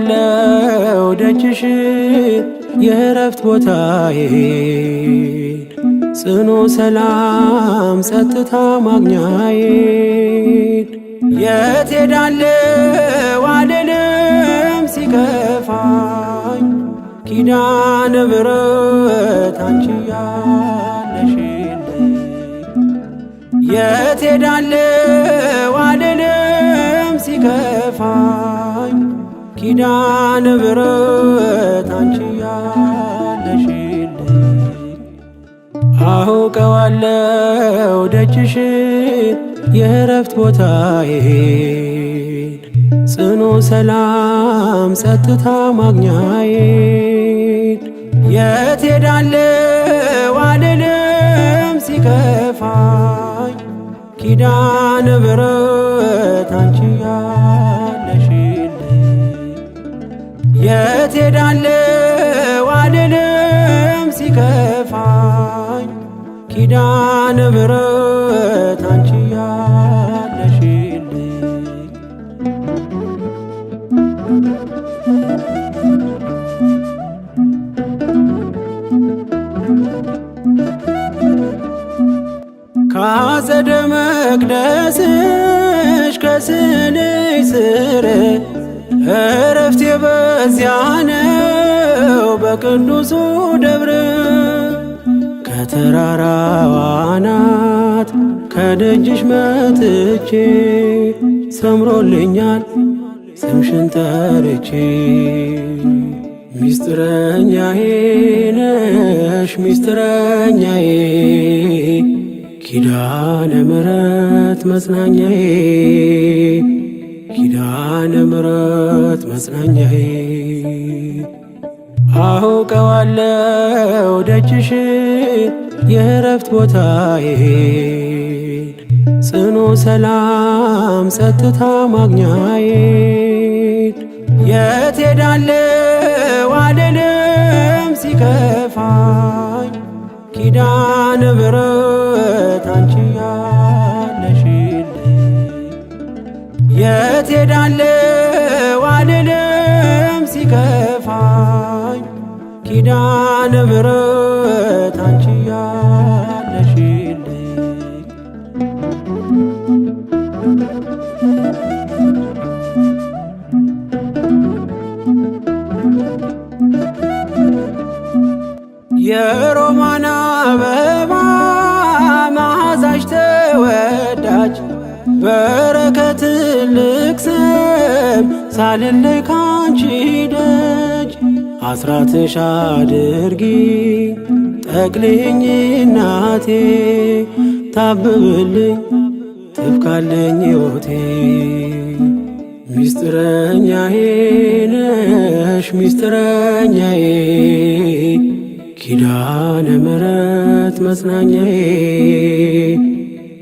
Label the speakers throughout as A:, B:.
A: አለው ደጅሽን የእረፍት ቦታዬ ጽኑ ሰላም ጸጥታ ማግኛዬን የት ሄዳለው አልልም ሲከፋኝ ኪዳነ ምሕረት አንቺ ያለሽልኝ የት ሄዳለው አልልም ሲከፋኝ ኪዳነ ምሕረት አንቺ ያለሽልኝ አውቀዋለው ደጅሽን የእረፍት ቦታዬን ጽኑ ሰላም ጸጥታ ማግኛዬን የት ሄዳለው አልልም ሲከፋኝ ኪዳነ ምሕረት አንቺ የት ሄዳለሁ አልልም ሲከፋኝ ኪዳነ ምሕረት አንቺ
B: በዚያ ነው በቅዱሱ ደብረ ከተራራዋ ከደጅሽ መጥቼ ሰምሮልኛል ስምሽን ጠርቼ ሚስጥረኛዬ ነሽ ሚስጥረኛዬ ኪዳነ ምሕረት መጽናኛዬ ኪዳነ ምሕረት መጽናኛዬ አውቀዋለሁ ደጅሽ የእረፍት ቦታዬ ጽኑ ሰላም ጸጥታ ማግኛዬ የት ሄዳለሁ አልልም ሲከፋኝ ኪዳነ ምሕረት የት ሄዳለሁ አልልም ሲከፋኝ ኪዳነ ምሕረት አንቺ ያለሽልኝ
C: የሮማና አበባ መዓዛሽ ተወዳጅ ትልቅ ስም ሳልለይ ካንቺ ደጅ አስራትሽ አድርጊ ጠቅልኝ እናቴ ታብብልኝ ትብካለኝ ወቴ ሚስጥረኛዬ ነሽ ሚስጥረኛዬ ኪዳነ ምሕረት መጽናኛዬ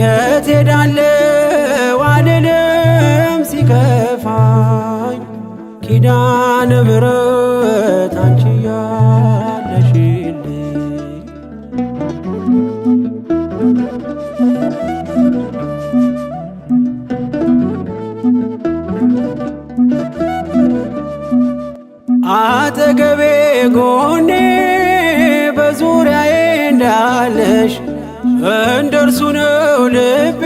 C: የት ሄዳለሁ አልልም ሲከፋኝ ኪዳነ ምሕረት አንቺ ያለሽልኝ
D: አጠገቤ ጎኔ ልቤ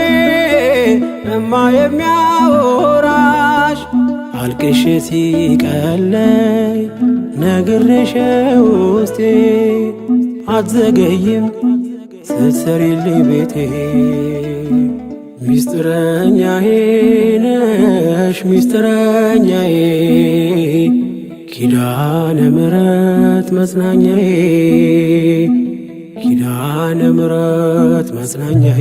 D: እማ የሚያወራሽ አልቅሽ ሲቀለይ ነግሬሽ ውስጤ አትዘገይም ስትሰሪልኝ ቤቴ ሚስጥረኛዬ ነሽ ሚስጥረኛዬ ኪዳነ ምሕረት መጽናኛዬ ኪዳነ ምሕረት መጽናኛዬ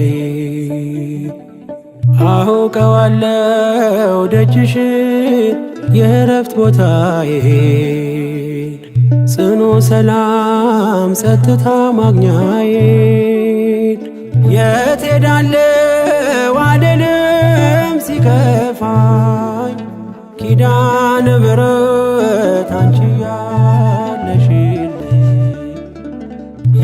D: አውቀዋለሁ ደጅሽ የእረፍት ቦታዬ ጽኑ ሰላም ጸጥታ ማግኛዬ የት ሄዳለሁ አልልም ሲከፋኝ ኪዳነ ምሕረት አንቺያ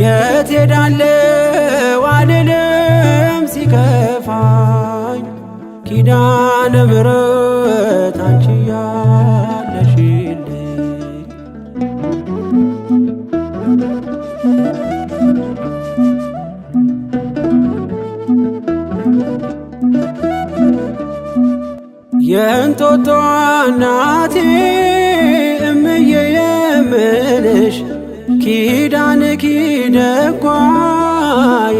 D: የት ሄዳለው አልልም ሲከፋኝ ኪዳነ ምሕረት አንቺ ያለሽልኝ
E: የእንጦጦ እናቴ እምዬ የምልሽ ኪዳ ልክ ደጓ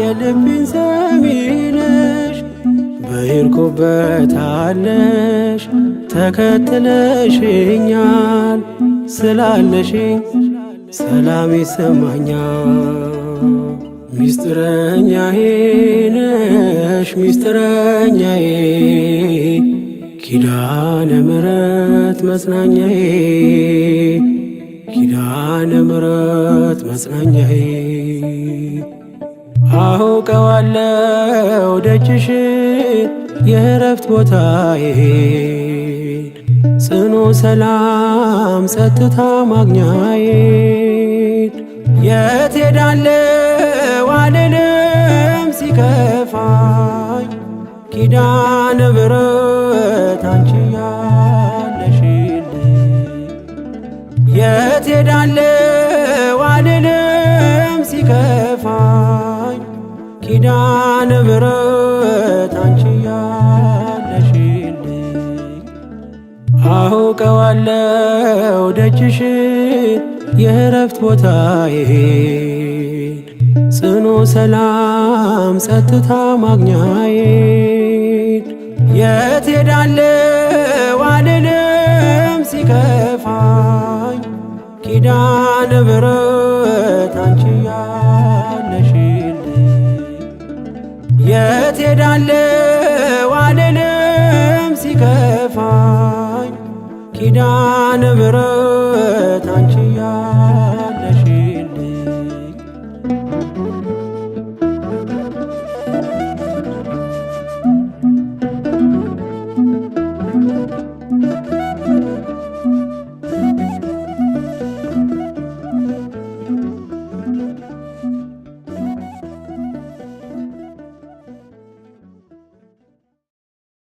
E: የልቤን ሰሚ ነሽ በሄድኩበት ተከትለሽኛል ስላለሽኝ ሰላም ይሰማኛል። ሚስጥረኛዬ ነሽ ሚስጥረኛዬ ኪዳነ ምሕረት መጽናኛዬ ኪዳነ ምሕረት መጽናኛዬ አውቀዋለው ደጅሽ የእረፍት ቦታዬ ጽኑ ሰላም ጸጥታ ማግኛዬን የት ሄዳለው አልልም ሲከፋኝ ኪዳነ ምሕረት የት ሄዳለሁ አልልም ሲከፋኝ ኪዳነ ምሕረት አንቺ ያለሽልኝ አውቀዋለሁ ደጅሽን የእረፍት ቦታዬን ጽኑ ሰላም ጸጥታ ማግኛዬን የት ሄዳለሁ አልልም ሲከፋ ኪዳነ ምሕረት አንቺ ያለሽልኝ የት ሄዳለሁ አልልም ሲከፋኝ ኪዳነ ምሕረት